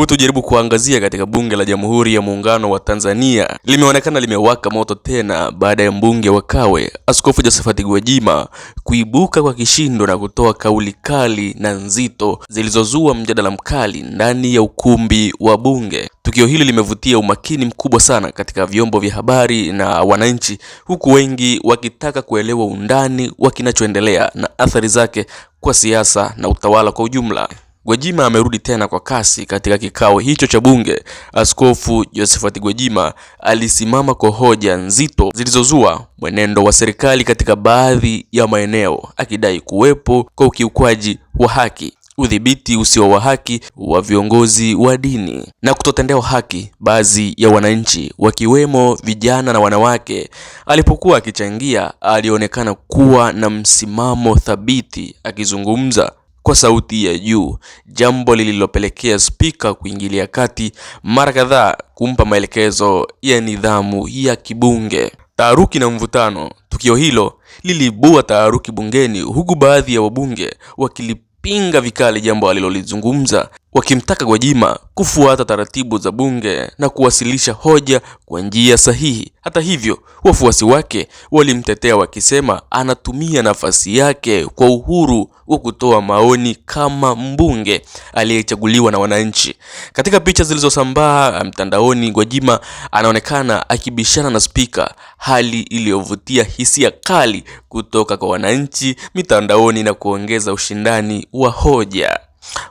Hebu tujaribu kuangazia katika bunge la Jamhuri ya Muungano wa Tanzania. Limeonekana limewaka moto tena baada ya mbunge wa Kawe Askofu Josephat Gwajima kuibuka kwa kishindo na kutoa kauli kali na nzito zilizozua mjadala mkali ndani ya ukumbi wa bunge. Tukio hili limevutia umakini mkubwa sana katika vyombo vya habari na wananchi, huku wengi wakitaka kuelewa undani wa kinachoendelea na athari zake kwa siasa na utawala kwa ujumla. Gwajima amerudi tena kwa kasi katika kikao hicho cha bunge. Askofu Josephat Gwajima alisimama kwa hoja nzito zilizozua mwenendo wa serikali katika baadhi ya maeneo, akidai kuwepo kwa ukiukwaji wa haki, udhibiti usio wa haki wa viongozi wa dini na kutotendewa haki baadhi ya wananchi wakiwemo vijana na wanawake. Alipokuwa akichangia, alionekana kuwa na msimamo thabiti, akizungumza kwa sauti ya juu, jambo lililopelekea spika kuingilia kati mara kadhaa kumpa maelekezo ya nidhamu ya kibunge. Taharuki na mvutano. Tukio hilo lilibua taharuki bungeni, huku baadhi ya wabunge wakilipinga vikali jambo alilolizungumza, wakimtaka Gwajima kufuata taratibu za bunge na kuwasilisha hoja kwa njia sahihi. Hata hivyo, wafuasi wake walimtetea wakisema anatumia nafasi yake kwa uhuru wa kutoa maoni kama mbunge aliyechaguliwa na wananchi. Katika picha zilizosambaa eh, mtandaoni, Gwajima anaonekana akibishana na spika, hali iliyovutia hisia kali kutoka kwa wananchi mitandaoni na kuongeza ushindani wa hoja.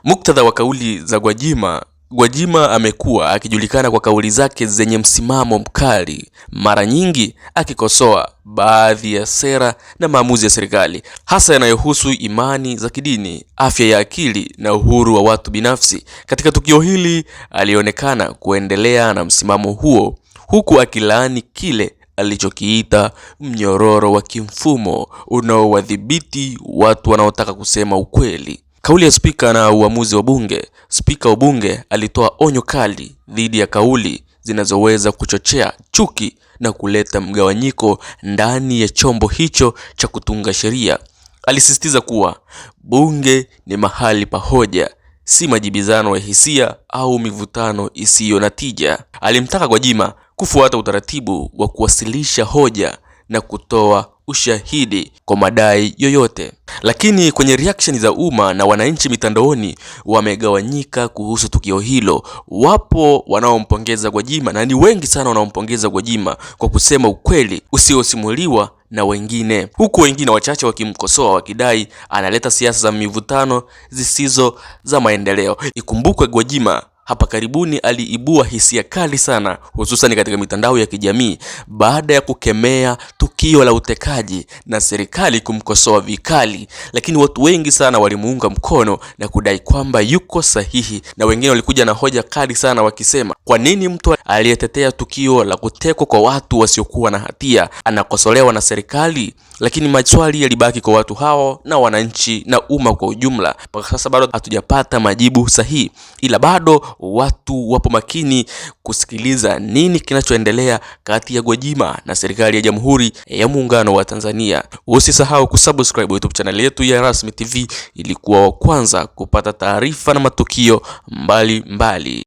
Muktadha wa kauli za Gwajima Gwajima amekuwa akijulikana kwa kauli zake zenye msimamo mkali, mara nyingi akikosoa baadhi ya sera na maamuzi ya serikali, hasa yanayohusu imani za kidini, afya ya akili na uhuru wa watu binafsi. Katika tukio hili, alionekana kuendelea na msimamo huo huku akilaani kile alichokiita mnyororo wa kimfumo unaowadhibiti watu wanaotaka kusema ukweli. Kauli ya spika na uamuzi wa bunge. Spika wa bunge alitoa onyo kali dhidi ya kauli zinazoweza kuchochea chuki na kuleta mgawanyiko ndani ya chombo hicho cha kutunga sheria. Alisisitiza kuwa bunge ni mahali pa hoja, si majibizano ya hisia au mivutano isiyo na tija. Alimtaka Gwajima kufuata utaratibu wa kuwasilisha hoja na kutoa ushahidi kwa madai yoyote. Lakini kwenye reaction za umma na wananchi mitandaoni wamegawanyika kuhusu tukio hilo. Wapo wanaompongeza Gwajima na ni wengi sana wanaompongeza Gwajima kwa kusema ukweli usiosimuliwa na wengine, huku wengine wachache wakimkosoa wakidai analeta siasa za mivutano zisizo za maendeleo. Ikumbukwe Gwajima hapa karibuni aliibua hisia kali sana, hususan katika mitandao ya kijamii baada ya kukemea tukio la utekaji na serikali kumkosoa vikali, lakini watu wengi sana walimuunga mkono na kudai kwamba yuko sahihi, na wengine walikuja na hoja kali sana wakisema, kwa nini mtu aliyetetea tukio la kutekwa kwa watu wasiokuwa na hatia anakosolewa na serikali? lakini maswali yalibaki kwa watu hao na wananchi na umma kwa ujumla. Mpaka sasa bado hatujapata majibu sahihi, ila bado watu wapo makini kusikiliza nini kinachoendelea kati ya Gwajima na serikali ya Jamhuri ya Muungano wa Tanzania. Usisahau kusubscribe YouTube channel yetu ya Rasmi TV ili kuwa wa kwanza kupata taarifa na matukio mbalimbali mbali.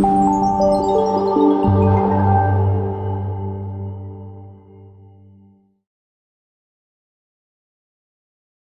Música